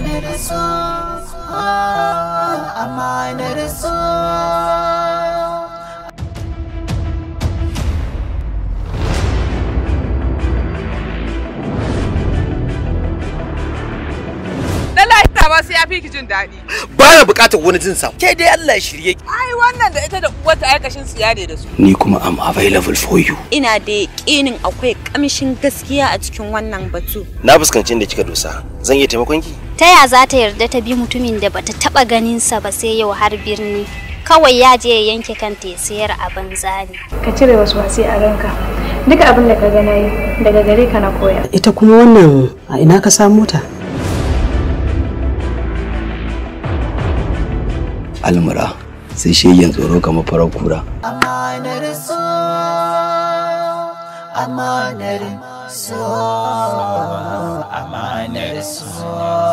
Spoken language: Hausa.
amanar so oh, amanar ba sai fi ki jin daɗi. na buƙatar wani jin sa. Ke dai Allah ya shirye ki. Ai wannan da ita da wata ai siya ne da su. Ni kuma am available for you. Ina da yakinin akwai kamshin gaskiya a cikin wannan batu. Na fuskanci inda kika dosa. Zan iya taimakon ki? ta ya za ta yarda ta bi mutumin da bata taba ganinsa ba sai yau har birni kawai ya je ya yanke kanta ya sayar a banza ka cire wasu wasi a ranka duk abin da ka ga nayi daga gare ka na koya ita kuma wannan a ina ka samu ta almura sai yin tsoro kamar farar kura amanar so amanar so amanar so